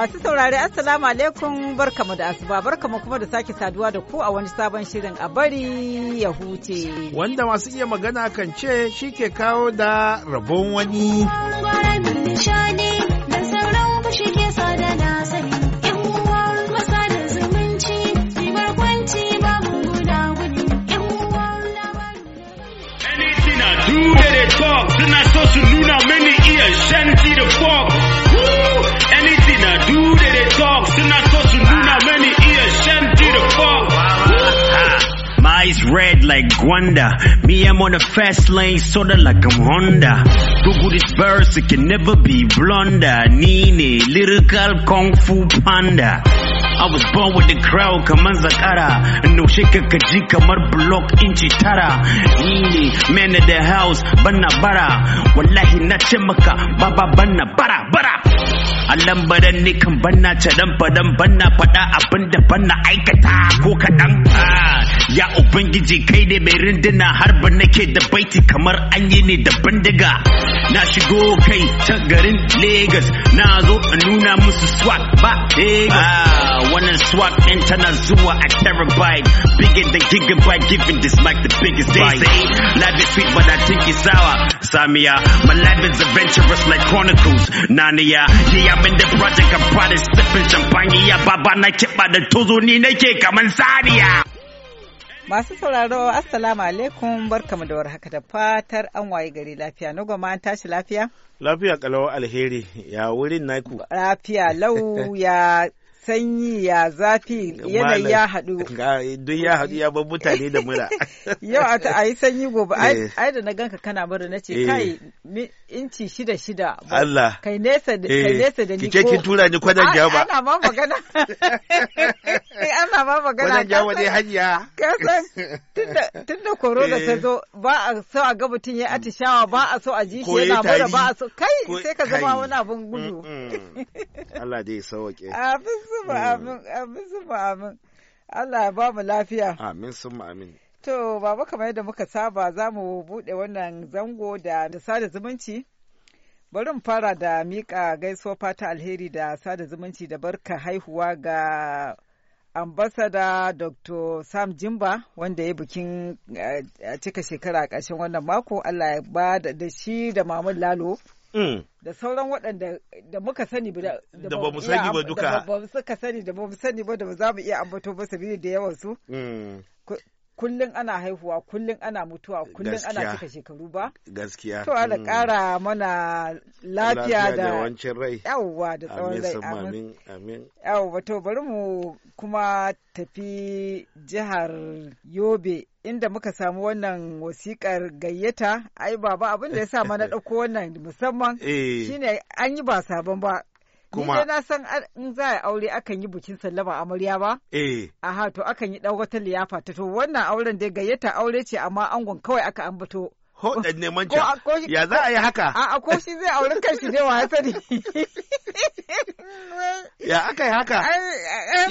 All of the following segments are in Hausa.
Masu saurare Assalamu alaikum barkamu da asuba barkamu kuma da sake saduwa da ku a wani sabon shirin a bari ya huce. Wanda masu iya magana kan ce shi ke kawo da rabon wani. Suna so su nuna mini iya shanti the fog song Sinakosununa many ears Shanty the funk eyes red like Gwanda. Me, I'm on a fast lane, sorta like I'm Honda. Google this verse, it can never be blunder. Nini, little girl, kung fu panda. I was born with the crowd, kaman zakara. No shika kajika, kamar block inchitara. Nini, man of the house, banna bara. Wallahi na chemaka, baba banna bara bara allan baran ne kan banna caran faran banna faɗa abin da banna aikata ko kaɗan fa ya ubangiji kai da mai rinduna harba nake da baiti kamar an yi ne da bindiga na shigo kai ta garin Legas na zo a nuna musu swag ba Legas ah, wannan swag ɗin tana zuwa a terabyte bigger than gigabyte giving this mic the biggest they say life is sweet but I think it's sour Samia my life is adventurous like Chronicles Nania, yeah abin da the project, fara proud of champagne. ya baba na kiɓa da tozo ni nake kaman sariya Masu sauraro, Assalamu alaikum, barkamu da warhaka da fatar an waye gari lafiya. Na goma an tashi lafiya? Lafiya kalau alheri, ya wurin naku. Lafiya lau ya sanyi ya zafi yanayi ya haɗu duk ya haɗu ya ban mutane da mura yau a yi sanyi gobe eh. ai da na ganka kana mura na ce eh. kai inci shida shida Allah kai nesa da eh. ni kike kin tura ni kwanan jama ah, ana ma magana ana ma magana kwanan jama dai hajiya kasan tunda corona ta zo ba a so a ga mutum ya atishawa ba a so a ji shi yana mura ba a so kai sai ka zama wani abun gudu mm, mm, mm. Allah dai sauke. Abin Mm. amin amin amin Allah ya ba mu lafiya amin amin to baba kamar yadda muka saba za mu buɗe wannan zango da sada zumunci bari mu fara da miƙa gaisuwa fata alheri da sada zumunci da barka haihuwa ga ambasada dr sam jimba wanda ya bikin eh, a cika shekara a ƙarshen wannan mako allah ya ba da shi da mamun lalo Mm. da sauran waɗanda da muka sani ba da ba mu sani ba duka da ba suka sani da ba mu sani ba da ba za mu iya ambato ba sabili da yawan su mm. kullum ana haihuwa kullum ana mutuwa kullum ana cika shekaru ba gaskiya to ala mm. ƙara mana lafiya da wancin rai yawwa da tsawon rai amin amin yawwa to bari mu kuma tafi jihar Yobe inda muka samu wannan wasikar gayyata ai baba abin da ya sa mana ɗauko wannan musamman eh. shine an yi ba sabon ba kuma ni na san in za a aure akan yi bikin sallama amarya ba eh aha to akan yi dan wata liyafa ta to wannan auren da gayyata aure ce amma angon kawai aka ambato Ko ɗan neman can. Ya za a yi haka? A ko shi zai auri shi ne wa hasari. Ya aka yi haka?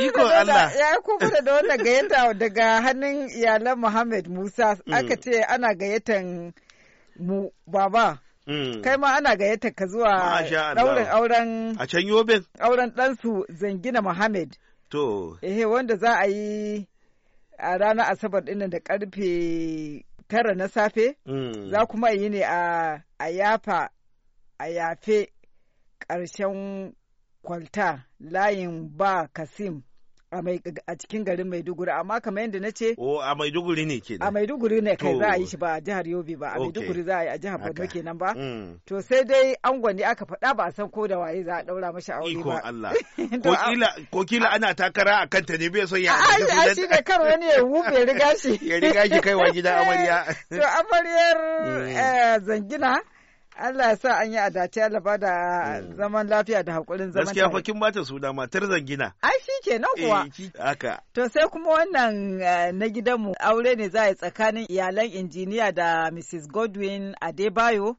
Iko Allah. Ya kuku da wannan gayyata daga hannun iyalan Muhammad Musa hmm. aka ce ana gayyatan mu baba. Hmm. Kai ma ana gayyata ka zuwa ɗaurin auren. A can yobin? Auren su Zangina Muhammad. To. eh wanda za a yi a ranar Asabar ɗin da karfe tara na safe mm. za kuma yi ne a yafa a yafe ƙarshen kwalta layin ba kasim a cikin garin Maiduguri amma kamar yadda na ce o a Maiduguri ne ke a Maiduguri ne kai za a yi shi ba a jihar Yobe ba a Maiduguri za a yi a jihar Borno kenan ba mm. to sai dai angon ne aka faɗa ba a san ko da waye za a ɗaura mashi aure ba Allah ko kila ana takara a kanta ne bai son ya a shi ne kar wani ya wufe riga shi ya riga shi kai wa gidan amarya to amaryar mm. eh, zangina Allah ya sa an yi adace alaba da mm. zaman lafiya da haƙurin zaman lafiya. Gaskiya fa kin bata suna matar zangina. Ai shi na kuwa. Eh, haka. To sai kuma wannan eh, na gidanmu aure ne za a yi tsakanin iyalan injiniya da Mrs. Godwin Adebayo.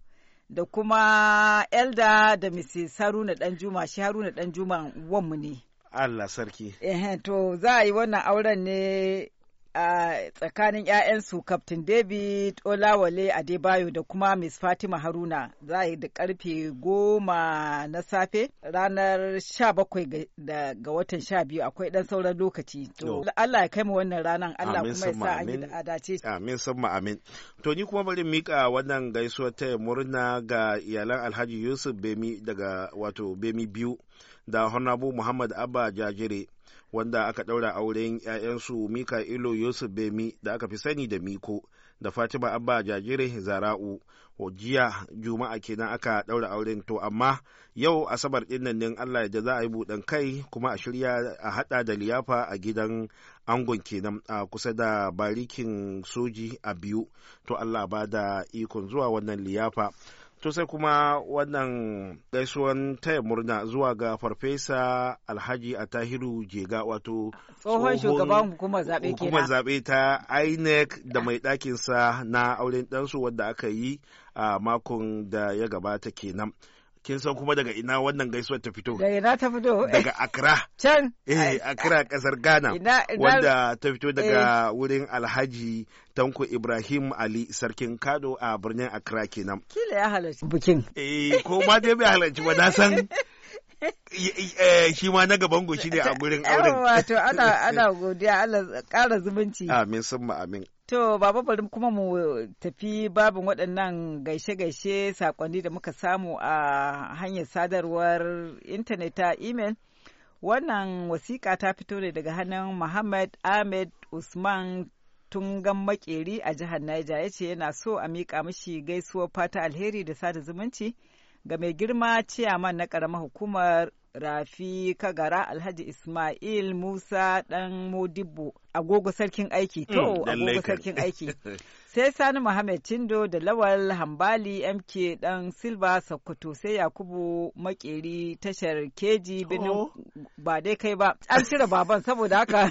da kuma Elda da Mrs. Haruna Danjuma shi Haruna Danjuma wanmu ne. Allah sarki. Eh to za a yi wannan auren ne a tsakanin 'ya'yansu Captain David Olawale Adebayo da kuma Miss Fatima Haruna za yi da karfe goma na safe ranar 17 ga watan 12 akwai dan sauran lokaci. To Allah ya kai mu wannan ranar Allah kuma ya sa an da adace. Amin summa amin. To ni kuma bari mika wannan gaisuwa ta murna ga iyalan Alhaji Yusuf Bemi daga wato Bemi biyu da Honorable Muhammad Abba Jajire. wanda aka ɗaura auren 'ya'yansu ilo Yusuf Bemi da aka fi sani da Miko da Fatima Abba Jajire Zara'u. jiya Juma'a kenan aka ɗaura auren to amma yau Asabar ɗin nan ne Allah da za a yi buɗan kai kuma a shirya a haɗa da liyafa a gidan angon kenan a kusa da barikin soji a biyu to Allah ba da ikon zuwa wannan liyafa. To sai kuma wannan gaisuwan taya murna zuwa ga farfesa Alhaji a tahiru Jega wato tsohon shugaban hukumar zaɓe zaɓe ta INEC da mai ɗakinsa na auren ɗansu wadda aka yi a makon da ya gabata kenan. kin san kuma daga ina wannan gaisuwar ta fito daga ina ta fito daga eh, Accra can eh Accra kasar Ghana wanda ta fito daga eh. wurin Alhaji Tanko Ibrahim Ali sarkin Kado a birnin Accra kenan kila ya halarci bikin eh ko ma dai bai halarci ba na san Eh, shi ma na gaban goshi ne a gurin auren. wato ana ana godiya Allah ƙara zumunci. Amin summa amin. To baba bari kuma mu tafi babin waɗannan gaishe-gaishe saƙonni da muka samu a hanyar sadarwar intanet ta imel Wannan wasiƙa ta fito ne daga hannun Muhammad Ahmed Usman Tungan Makeri a jihar Niger ya ce yana so a miƙa mishi gaisuwar fata alheri da sada zumunci. ga mai girma ciyaman na ƙaramar hukumar rafi kagara alhaji ismail musa dan modibo agogo sarkin aiki to mm, agogo sarkin aiki sai sani muhammad tindo da lawal hambali mk dan silva sokoto sai yakubu makeri tashar keji birnin ba dai kai ba an cire baban saboda haka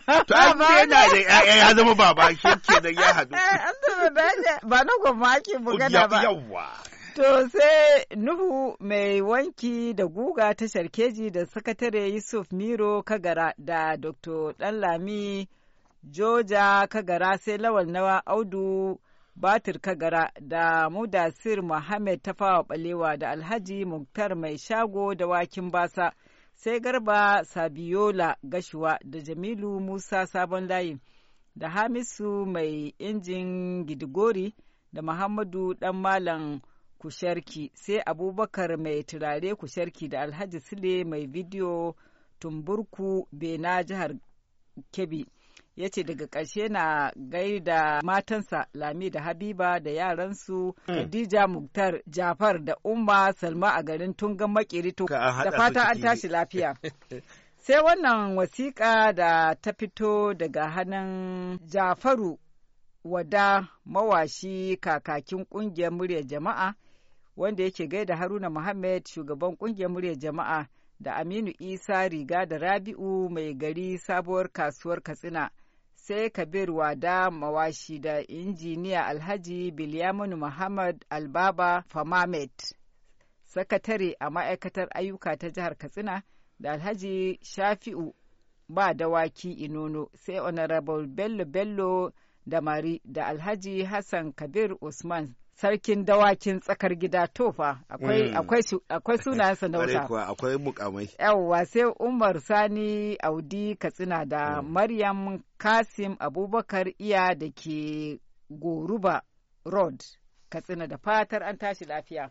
to an ya da ya zama baba shi ke da ya hadu ba na gwamma ake bugada ba To sai Nuhu mai wanki da guga ta sharkeji da sakatare Yusuf Miro Kagara da Dr. danlami Joja Kagara sai lawal nawa Audu Batir Kagara da Mudasir Muhammad Tafawa Balewa da Alhaji Muktar Mai Shago da Wakin Basa sai Garba Sabiola Gashuwa da Jamilu Musa Sabon Layi da Hamisu Mai Injin Gidigori da Muhammadu Ɗan Malam kusharki sai abubakar mai turare kusharki da alhaji sule mai bidiyo tumburku bena jihar kebbi ya ce daga ƙarshe na gaida matansa lami da habiba da yaransu hmm. khadija muktar jafar da umma salma a garin tungan makirito da fata an tashi lafiya sai wannan wasiƙa da ta fito daga hannun jafaru wada mawashi kakakin ƙungiyar muryar jama'a wanda yake gaida Haruna muhammed shugaban kungiyar muryar jama'a da Aminu Isa riga da Rabi'u mai gari sabuwar kasuwar Katsina. sai kabir wada mawashi da injiniya alhaji bilyamin muhammad albaba famamed sakatare a ma'aikatar ayyuka ta jihar katsina da alhaji shafi'u ba dawaki inono sai honorable bello bello da mari da alhaji hassan kabir usman sarkin dawakin tsakar gida tofa akwai mm. sunayen sanauta akwai mukamai yawwa sai umar sani audi katsina da mm. maryam kasim abubakar iya da ke goruba road katsina da fatar an tashi lafiya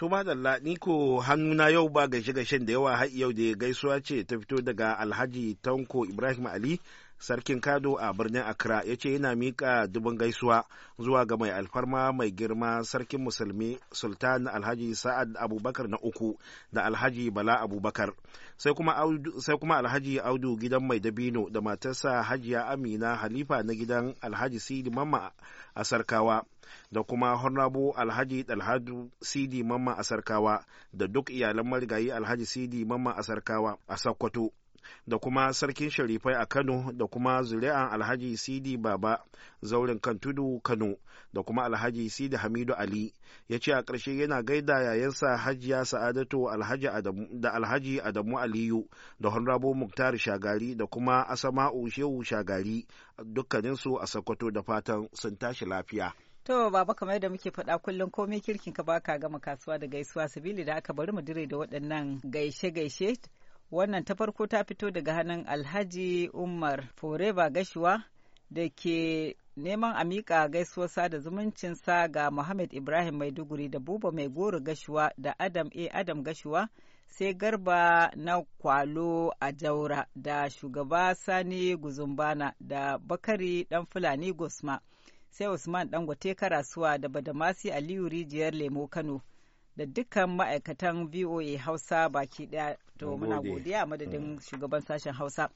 To madalla ni ko hannuna yau ba gaishe gaishen da yawa har yau da gaisuwa ce ta fito daga Alhaji Tanko Ibrahim Ali sarkin kado a birnin accra ya ce yana mika dubin gaisuwa zuwa ga mai alfarma mai girma sarkin musulmi sultan alhaji sa'ad abubakar na uku da alhaji bala abubakar sai kuma alhaji audu gidan mai dabino da matarsa hajiya amina halifa na gidan alhaji sidi mamma a sarkawa da kuma hornabo alhaji dalhadu sidi mamma a sarkawa da duk iyalan marigayi alhaji sidi mamma a sarkawa a sakkwato da kuma sarkin sharifai a kano da kuma zuri'an alhaji sidi baba zaurin kan tudu kano da kuma alhaji sidi hamidu ali ya ce a ƙarshe yana gaida yayansa hajiya sa'adatu da alhaji adamu aliyu da honrabo muktar shagari da kuma asama'u shehu shagari dukkaninsu a sokoto da fatan sun tashi lafiya To baba kamar da muke faɗa kullum komai kirkin ka baka gama kasuwa da gaisuwa sabili da aka bari mu dire da waɗannan gaishe-gaishe Wannan ta farko ta fito daga hannun Alhaji Umar Foreba Gashuwa da ke neman a miƙa gaisuwar sada zumuncinsa ga Muhammad Ibrahim Maiduguri da Buba Mai Goro Gashuwa da Adam A. Adam Gashuwa sai Garba na Kwalo a Jaura da Shugaba Sani Guzumbana da Bakari Ɗan Fulani Gosma sai Usman Dangote Karasuwa da Badamasi Aliyu Rijiyar Lemo Kano. da dukkan ma'aikatan VOA Hausa baki daya to muna godiya madadin mm. shugaban sashen Hausa.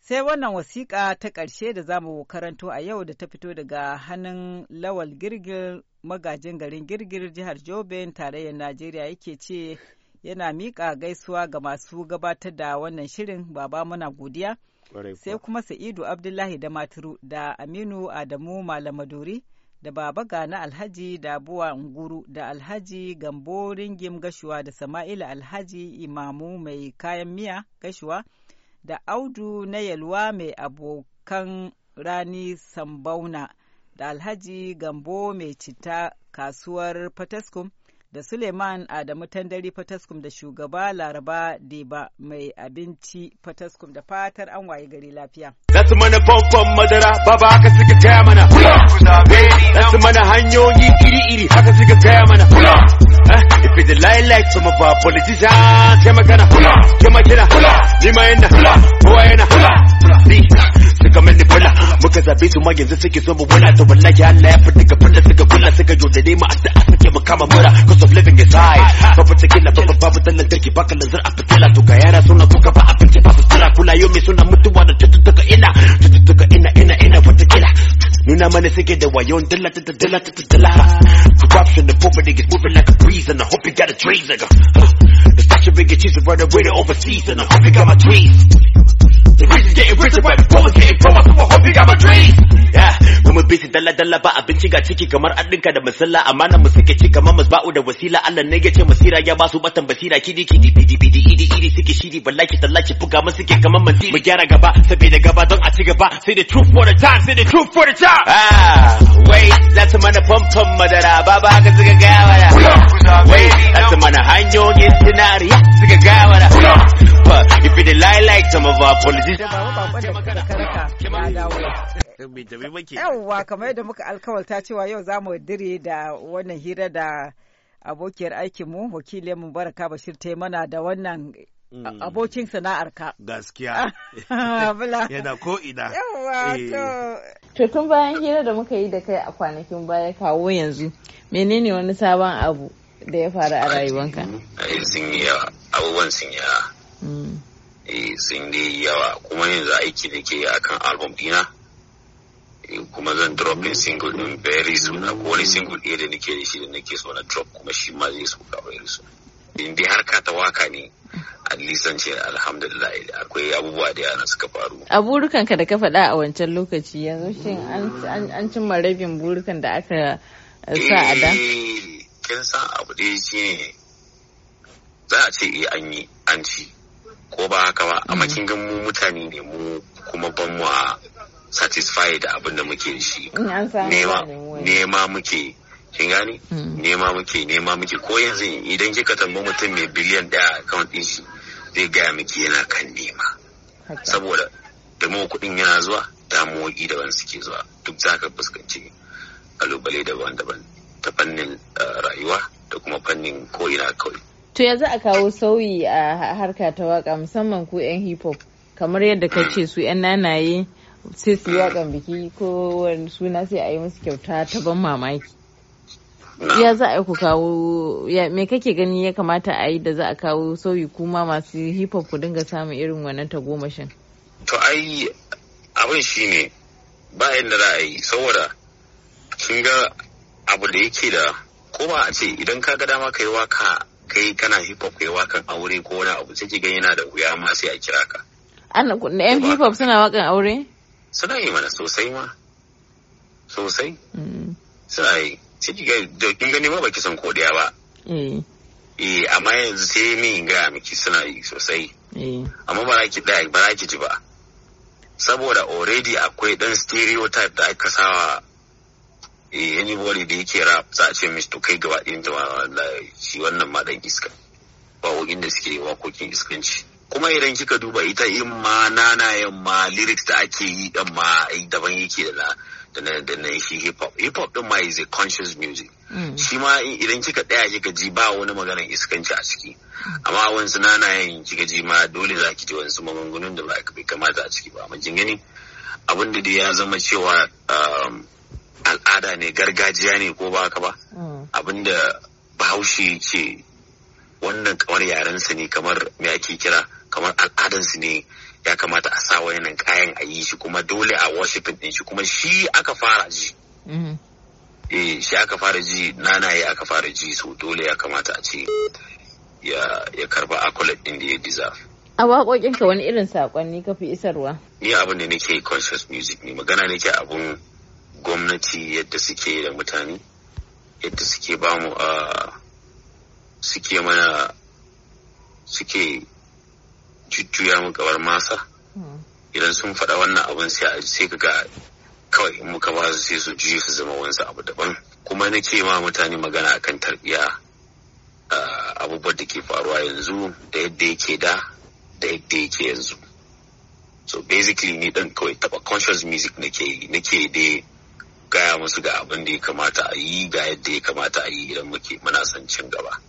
Sai wannan wasiƙa ta ƙarshe da za mu karanto a yau da ta fito daga hannun Lawal Girgir magajin garin Girgir jihar Jobin tarayyar Najeriya yake ce yana miƙa gaisuwa ga masu gabatar da wannan shirin baba muna godiya. Sai kuma Sa'idu Abdullahi da Maturu da Aminu Adamu Malamaduri. da Baba Gana Alhaji Dabuwa Nguru da Alhaji Gambo Ringim Gashuwa da Sama'ila Alhaji Imamu mai kayan miya Gashuwa da Audu na Yalwa mai abokan rani Sambauna da Alhaji Gambo mai cita kasuwar Fataskum da Suleiman Adamu Tandari Fataskum da shugaba Laraba Deba mai abinci Fataskum da fatar an waye gari lafiya. Zasu mana famfon madara baba haka suka taya mana. Zasu mana hanyoyi iri-iri haka suka taya mana. Eh, if it's a lie like some of our politicians, kai magana, kai magana, ni ma yana, kowa yana, suka mini bula muka zabe su ma yanzu suke so mu wala to wallahi Allah ya fita gaban suka kula suka yaudare mu addu'a suke mu kama mura cause of living is high babu tikila babu babu dan lantarki baka lanzar a fitila to ga yara suna kuka ba abinci ba su tsira kula yau me suna mutuwa da tututtuka ina tututtuka ina ina ina wata kila nuna mana suke da wayon dala ta dala ta dala corruption the poverty is moving like a breeze and I hope you got a trees nigga it's such a big cheese brother way to overseas and I hope you got my trees the region's getting richer, right before it's getting pro, so I hope you got my dreams. Yeah, when we're busy dalla dalla ba abinci ga ciki kamar an dinka da masalla amana mu suke ci kamar masba'u da wasila Allah ne ya masira ya basu batan basira kidi kidi bidi bidi idi idi suke shiri ballaki tallaki buga mu suke kamar manzi mu gyara gaba saboda gaba don a ci gaba Say the truth for the time say the truth for the time. Ah, wait, that's mana famfam madara baba haka suka gaya mana. Wait, that's mana hanyoyin tunariya suka gaya mana. But if it lie like some of our politics ba Yawwa kamar yadda muka alkawalta cewa yau za mu dire da wannan hira da abokiyar aikinmu wakilinmu Baraka Bashir ta mana da wannan mm. abokin sana'arka. Gaskiya. Yana ko ina. Yawwa eh. to. tun bayan hira da muka yi da kai a kwanakin baya kawo yanzu menene wani sabon abu da ya faru a rayuwanka? Eh, sun yi abubuwan sun yi Eh, sun yi yawa kuma yanzu aiki da ke akan album dina eh, kuma zan drop din single din very soon ko wani single ɗaya da nake da shi da nake so na drop kuma shi ma zai so ka very soon in dai harka ta waka ne at least ce alhamdulillah akwai abubuwa da yana suka faru a burukan ka da ka faɗa a wancan lokaci yanzu shi an cimma rabin burukan da aka sa a da eh, kin san abu ɗaya shi ne za a ce an yi an ci ko ba haka ba a mm. kin ga mu mutane ne mu kuma ban mu a satisfy da abin da muke shi nema nema muke kin gani mm. nema muke nema muke ko yanzu idan kika tambayi mutum mai biliyan daya account din shi zai gaya miki yana kan nema saboda da mu kuɗin yana zuwa damuwoyi daban suke zuwa duk za ka fuskanci kalubale daban-daban ta fannin eh, rayuwa da kuma fannin ko ina kawai To yanzu za a kawo sauyi a harka ta waka musamman ku 'yan hip hop kamar yadda ka ce su 'yan nanaye sai su yi biki ko suna sai a yi musu kyauta ta ban mamaki. Ya za a ku kawo me kake gani ya kamata a yi da za a kawo sauyi kuma masu hip hop ku dinga samun irin wannan tagomashin. To ai abin shi ne ba yadda za a yi saboda kin ga abu da yake da ko ba a ce idan ka ga dama kai waka kai kana hip hop kai wakan aure ko wani abu sai ga yana da wuya ma sai a kira ka ana na yan hip hop suna wakan aure suna yi mana sosai ma sosai mm. suna yi sai ki ga da kin gani ma baki san ko daya ba eh Eh amma yanzu sai min ga miki suna yi sosai Eh. amma ba za ki daya ba za ki ji ba saboda already akwai dan stereotype da aka sawa eh anybody da yake rap za a ce mishi to kai gaba ɗin da shi wannan ma dan iska da suke wakokin iskanci kuma idan kika duba ita in ma nanayen ma lyrics da ake yi dan ma daban yake da na da na shi hip hop hip hop din ma is a conscious music mm. shi ma idan kika tsaya kika ji ba wani maganar iskanci a ciki mm. amma wansu nanayen kika ji ma dole za ki ji wansu maganganun da ba kamata a ciki ba amma gani abin da ya zama cewa um, al'ada ne gargajiya ne ko ba haka ba mm. abinda bahaushe ce wannan kamar yarensa ne kamar me ake kira kamar al'adansu ne ya kamata a sa wayannan kayan a yi shi kuma dole a worshipin din shi kuma shi aka fara ji mm-hmm. eh shi aka fara ji nanaye aka fara ji so dole ya kamata a ce ya karba accolade din da ya deserve a waƙoƙinka wani irin saƙonni ka fi isarwa ni abin da nake conscious music ne magana nake abun gwamnati yadda suke da mutane yadda suke bamu a suke mana suke jujjuya mu gabar masa idan sun faɗa wannan abin sai ka ga kawai in muka ba su sai su ji su zama wani abu daban kuma na nake ma mutane magana akan tarbiya abubuwan da ke faruwa yanzu da yadda yake da da yadda yake yanzu so basically ni dan kawai taba conscious music nake ke nake dai gaya musu ga abin da ya kamata a yi ga yadda ya kamata a yi idan muke muna son cin gaba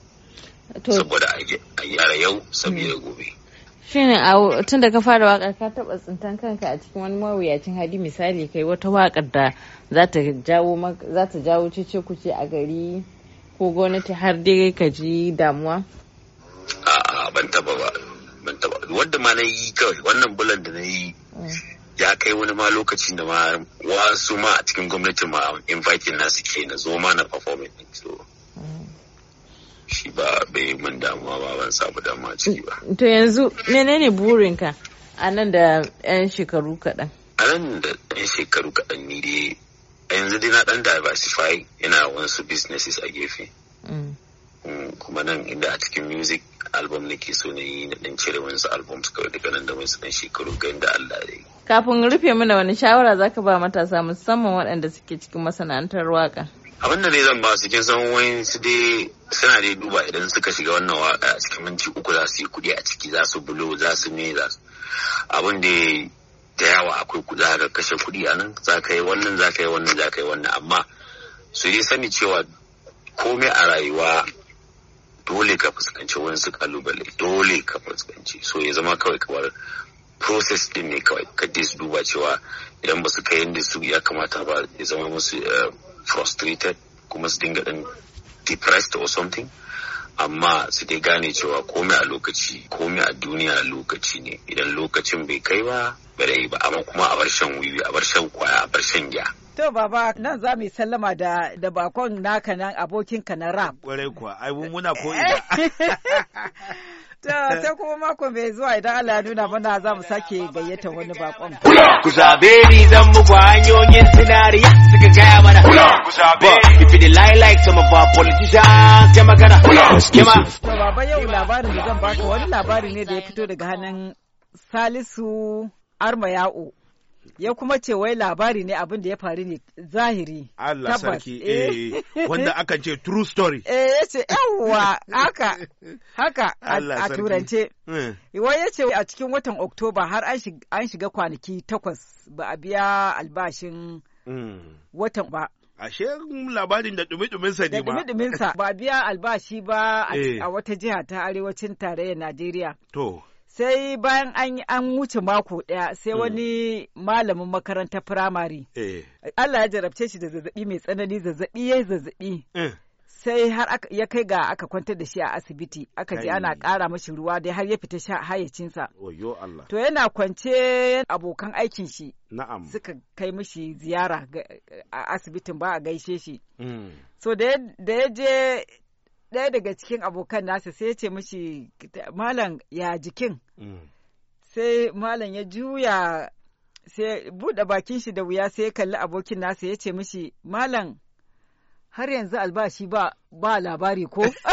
saboda a yara yau saboda hmm. gobe shin a tun da ka fara wakar ka taba tsintan kanka a cikin wani mawuyacin hali misali kai wata wakar da za ta jawo za ta jawo cece kuce a gari ko gwamnati har dai ka ji damuwa a'a ban taba ba ban taba wanda ma na yi kawai wannan bulan da na yi hmm. ya kai wani ma lokacin da ma wasu ma a cikin gwamnati ma invite na suke na zo ma na performing din so shi ba bai mun damuwa ba ban samu damuwa ciki ba to yanzu menene burinka a nan da yan shekaru kaɗan a nan da yan shekaru kaɗan ni dai a yanzu dai na ɗan diversify ina wasu businesses a gefe mm. Mm, kuma nan inda a cikin music album ke so na yi na dan cire wani albums kawai daga nan da wani dan shekaru ga da Allah ya yi kafin rufe mana wani shawara za ka ba matasa musamman waɗanda suke cikin masana'antar waƙa. abin da ne zan ba su kin san wani su dai suna dai duba idan suka shiga wannan waƙa a cikin minti uku za su yi kuɗi a ciki za su bulo za su me za su abin da da yawa akwai kuɗi za kashe kuɗi a nan za ka yi wannan za ka yi wannan za ka yi wannan amma su dai sani cewa komai a rayuwa dole ka fuskanci wani kalubale dole ka fuskanci so ya zama kawai kamar process din ne kawai ka dis duba cewa idan ba su kai yadda su ya kamata ba ya zama musu eh, frustrated kuma su dinga dan depressed or something amma su dai gane cewa komai a lokaci komai a duniya lokaci ne idan lokacin bai kai ba bai ba amma kuma a bar shan wiwi a bar shan kwaya a bar shan giya To baba nan za mu yi sallama da da bakon naka nan abokin ka na rap. Kwarai kuwa, ai muna ko ina. ta sai kuma mako mai zuwa idan Allah ya nuna mana za mu sake gayyata wani bakon. Ku zabe ni zan muku hanyoyin sinariya suka gaya mana. Ku zabe if you lie like some of our politicians magana. Baba yau labarin da zan baka wani labari ne da ya fito daga hannun Salisu Armayao. ya kuma ce wai labari ne abin da ya faru ne zahiri Allah sarki eh, eh wanda akan ce true story eh ce yawwa haka haka a turance eh. wai ce a cikin watan Oktoba har an shiga kwanaki takwas ba a biya albashin hmm. watan ba ashe labarin da dumi-duminsa ne ba. Da dumi-duminsa ba biya albashi ba eh. a wata jiha ta arewacin tarayyar Najeriya. To. sai bayan an an wuce mako ɗaya sai mm. wani malamin makarantar firamare eh. Allah ya jarabce shi da zazzaɓi mai tsanani zazzabi yayi zazzabi eh. sai har ya kai ga aka kwantar da shi a asibiti aka je ana kara mashi ruwa dai har ya fita hayacinsa to yana kwance abokan aikin shi suka kai mashi ziyara a asibitin ba a gaishe shi mm. so da ya je ɗaya daga cikin abokan nasa sai ya ce mishi malam ya jikin mm. sai malam ya juya sai buɗe bakin shi da wuya sai ya kalli abokin nasa ya ce mishi malam har yanzu albashi ba labari ko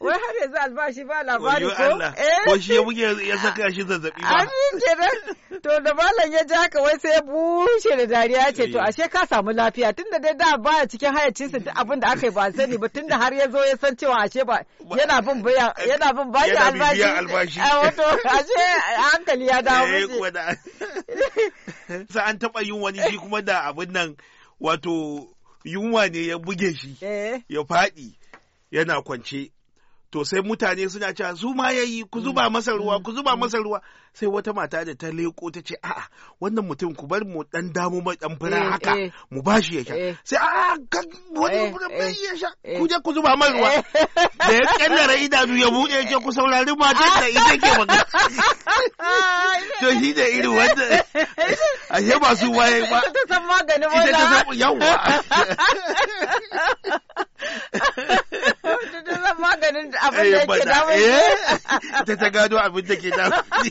wai har yanzu albashi ba labari ko eh? ko shi ya buge ya saka shi zazzabi ba amin kenan to da malam ya ja haka wai sai ya bushe da dariya ce to eh. ashe ka samu lafiya tunda dai da baya cikin hayacinsa duk abin da aka yi ba sani ba tunda har ya zo ya san cewa ashe ba yana bin baya yana bin bashi albashi Yana albashi. a eh, wato ashe hankali ya dawo mishi sa an taba yin wani shi kuma da abin nan wato yunwa ne ya buge shi ya faɗi yana kwance to sai mutane suna cewa su ma yi ku zuba mm, masa ruwa mm, ku zuba mm. masa ruwa sai wata mata da ta leko ta ce a'a wannan mutum ku bar mu dan damu mai dan fura eh, haka eh. mu bashi ya sha eh. sai a'a wani bai ya sha ku je ku zuba mai ruwa da ya kallara idanu ya bude ya ce ku saurari matan da ita ke maka to shi da irin wanda ce ba su waye ba ita ta san magani ba ita ta san yawa maganin abin da eh, yake damun eh, ta ta gado abin da ke damun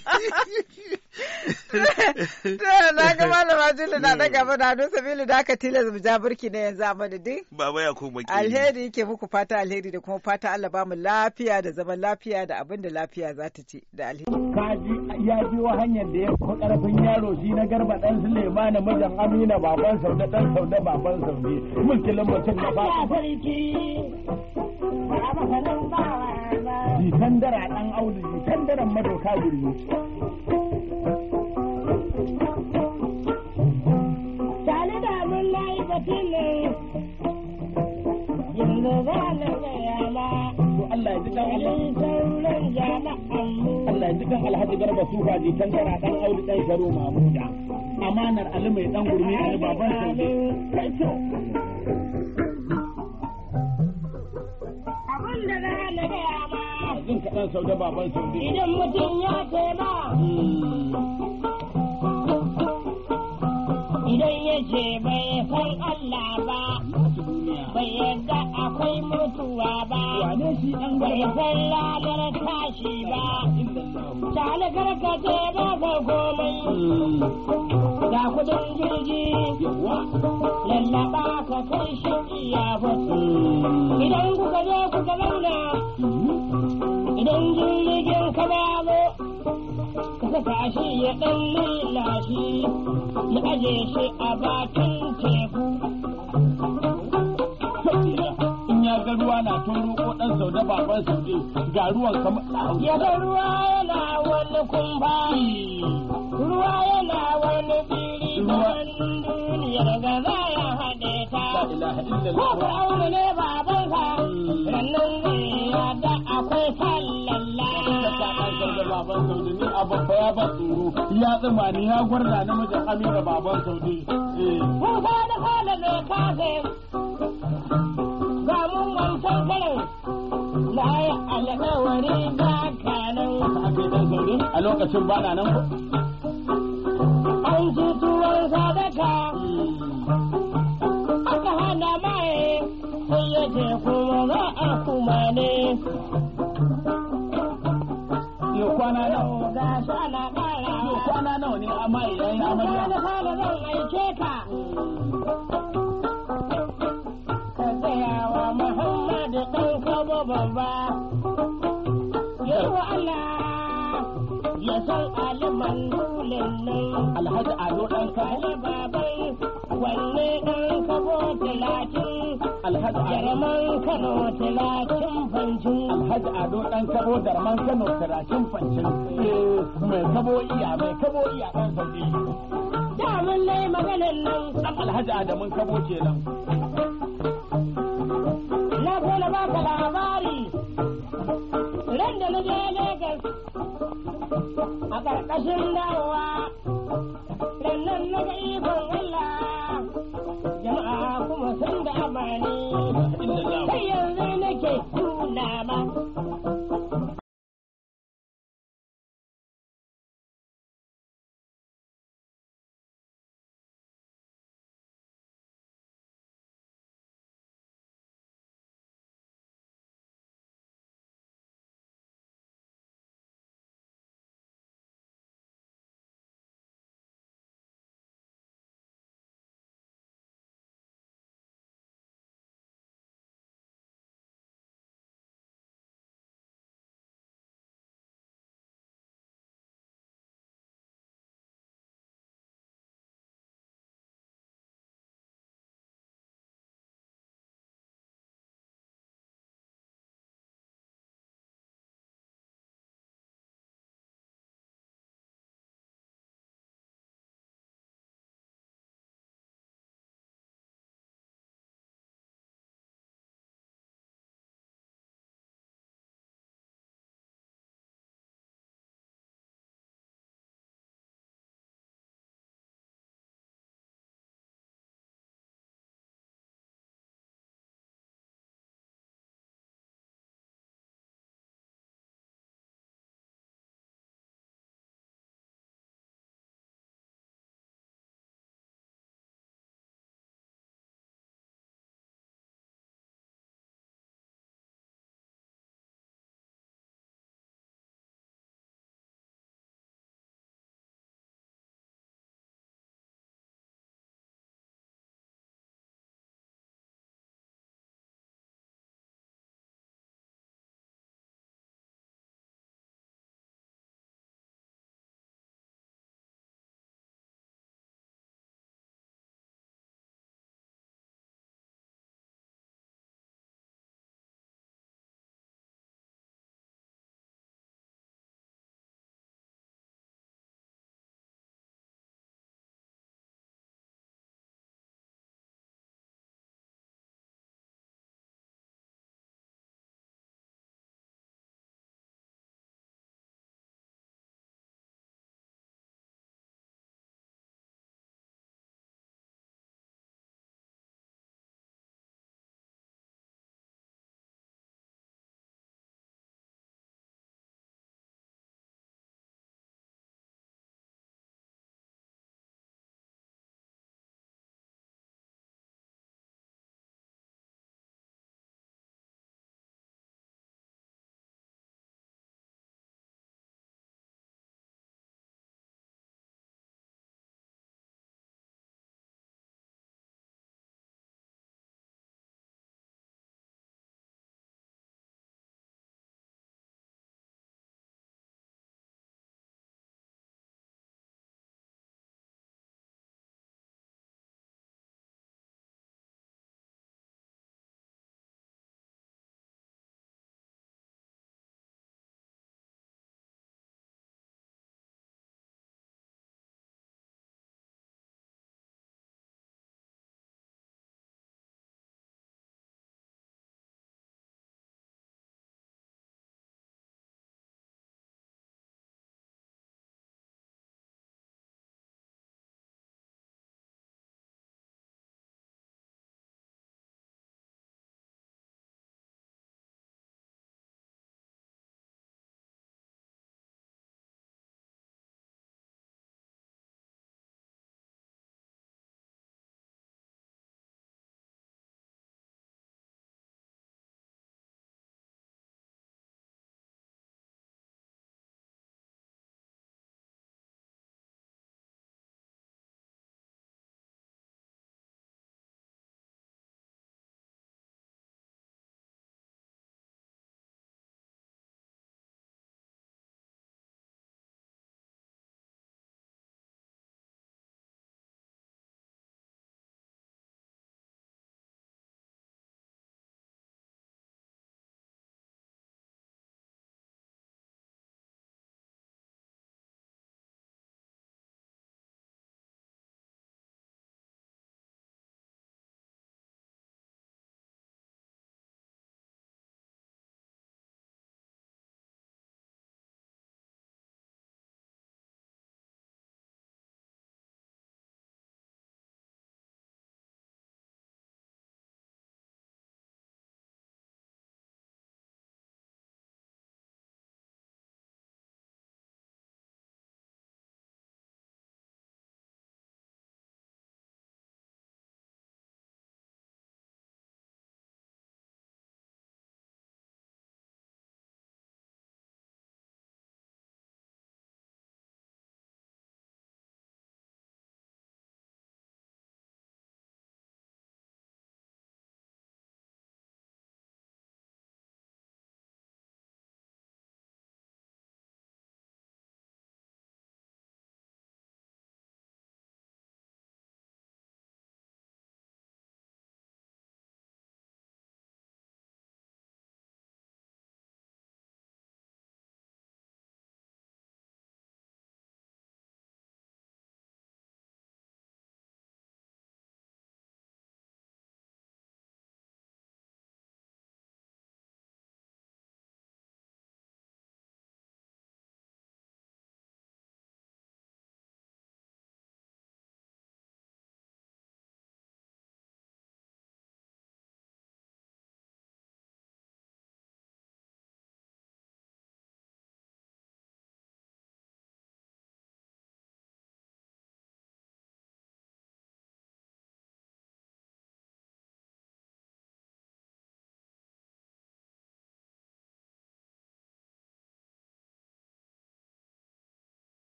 na ga malama jirgin na daga ba na don sabili da aka tilas mu jaburki na yanzu amma da dai. Ba ya ko ke. Alheri yake muku fata alheri da kuma fata Allah ba mu lafiya da zaman lafiya da abin da lafiya za ta ce da alheri. Kaji ya ji wa hanyar da ya fi karfin yaro shi na garba dan Sulema na mijin Amina baban sau da ɗan sau da baban sau ne. Mulkin mutum na ba. Jikan dara dan Audu jikan daren madoka gurbi. halin sauran jama'an kan alhaji garba sufa jikan tana dan auri dan mamuda amanar ali dan gurmi sauke kai to na na ma jin baban sauke idan mutum ya kai ma idan ya ce bai san Allah ba bai yadda akwai mutuwa ba bai san ladar tashi ba tare gargaje ba ga komai ga kudin jirgi lallaba ka kai shi iya idan kuka je kuka zauna idan jirgin ka zo ka ya dan lalashi ya aje shi a bakin teku ya ga ruwa na tun ko dan sau da baban su ce ga ruwan kamar ya ga ruwa yana wani kumba ruwa yana wani da wani duniyar ga za ya haɗe ta ko ku aure ne baban ka hmm. sannan zai da akwai fallalla baban saudi ni a ya ba tsoro ya tsima ni ya gwarda namijin amira baban saudi eh. ko ba da halin ne kafin kamun wancan karin na yi alkawari ga kanin a gidan sauri a lokacin ba na nan an ci tuwon sadaka aka hana mai sai ya a kwana nawa ne amma ya san aliman dulin nan alhaji ado dan kale babai wanne dan kabo tilakin alhaji jarman kano tilakin fancin alhaji ado dan kabo jarman kano tilakin fancin eh, mai kabo iya mai kabo iya dan sauki damun ne maganin nan alhaji adamun kabo kenan na kona baka labari ran da na je Lagos a ƙarƙashin dawowa, nan na ga ikon Allah.